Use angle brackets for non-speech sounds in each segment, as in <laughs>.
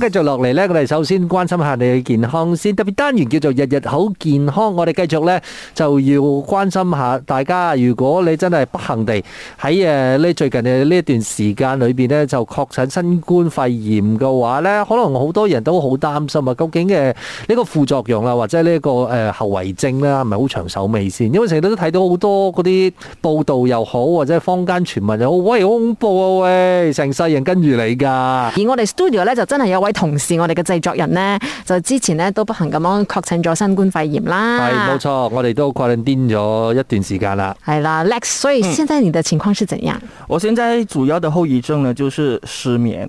繼續落嚟咧，我哋首先關心下你嘅健康先。特別單元叫做日日好健康。我哋繼續咧就要關心下大家。如果你真係不幸地喺誒呢最近嘅呢一段時間裏邊咧，就確診新冠肺炎嘅話咧，可能好多人都好擔心啊。究竟嘅呢個副作用啦，或者呢個誒後遺症啦，係咪好長手尾先？因為成日都睇到好多嗰啲報道又好，或者坊間傳聞又好，喂，好恐怖啊！喂，成世人跟住你噶。而我哋 studio 咧就真係有位。同時，我哋嘅製作人呢，就之前呢都不幸咁樣確診咗新冠肺炎啦。係，冇錯，我哋都 quarantine 咗一段時間了啦。係啦，Lex，所以現在你的情況是怎樣？嗯，我現在主要的後遺症呢，就是失眠。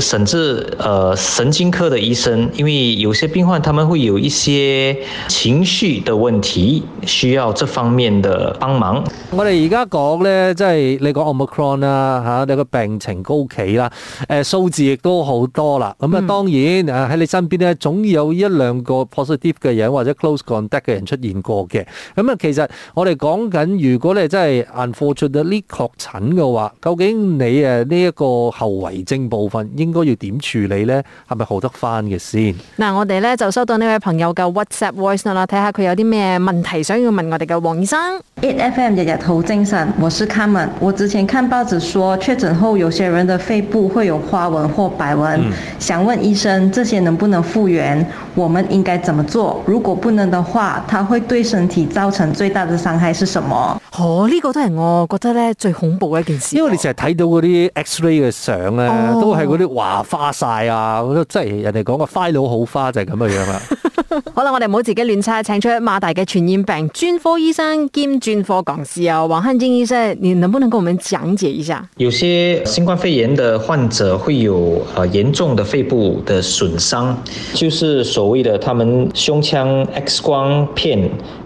甚至、呃，神經科的醫生，因為有些病患他們會有一些情緒的問題，需要這方面的幫忙。我哋而家講咧，即係你講 omicron 啦，吓，你個、啊啊、病情高企啦、啊，誒、呃，數字亦都好多啦。咁啊，當然，啊、嗯、喺你身邊咧，總有一兩個 positive 嘅人或者 close contact 嘅人出現過嘅。咁啊，其實我哋講緊，如果你真係 unfortunately 呢確診嘅話，究竟你誒呢一個後遺症部分？應該要點處理呢？係咪好得翻嘅先？嗱，我哋呢就收到呢位朋友嘅 WhatsApp voice 啦，睇下佢有啲咩問題想要問我哋嘅王醫生。a FM 嘅日頭精神，我是 Kam。我之前看報紙說確診後有些人的肺部會有花紋或白紋，嗯、想問醫生這些能不能復原？我們應該怎麼做？如果不能的話，它會對身體造成最大的傷害是什麼？哦，呢、這個都係我覺得咧最恐怖嘅一件事。因為你成日睇到嗰啲 X-ray 嘅相咧，哦，都係嗰啲畫花晒啊，嗰啲即係人哋講個花佬好花就係咁嘅樣啦。 <laughs> <laughs> 好啦，我哋唔好自己亂猜，請出馬大嘅傳染病專科醫生兼專科講師啊，王漢進醫生，你能不能跟我們講解一下？有些新冠肺炎的患者會有啊嚴重的肺部的損傷，就是所謂的他們胸腔 X 光片。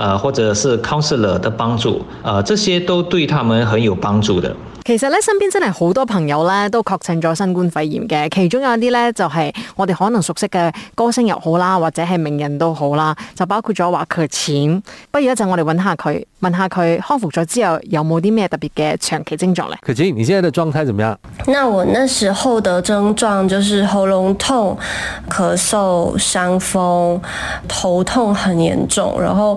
呃，或者是 counselor 的幫助，呃，這些都對他們很有幫助的。其實咧，身邊真係好多朋友咧都確診咗新冠肺炎嘅，其中有一啲咧就係、是、我哋可能熟悉嘅歌星又好啦，或者係名人都好啦，就包括咗華強淺。不如一陣我哋揾下佢，問下佢康復咗之後有冇啲咩特別嘅長期症狀咧？可淺，你現在的狀態怎麼樣？那我那時候的症狀就是喉嚨痛、咳嗽、傷風、頭痛很嚴重，然後，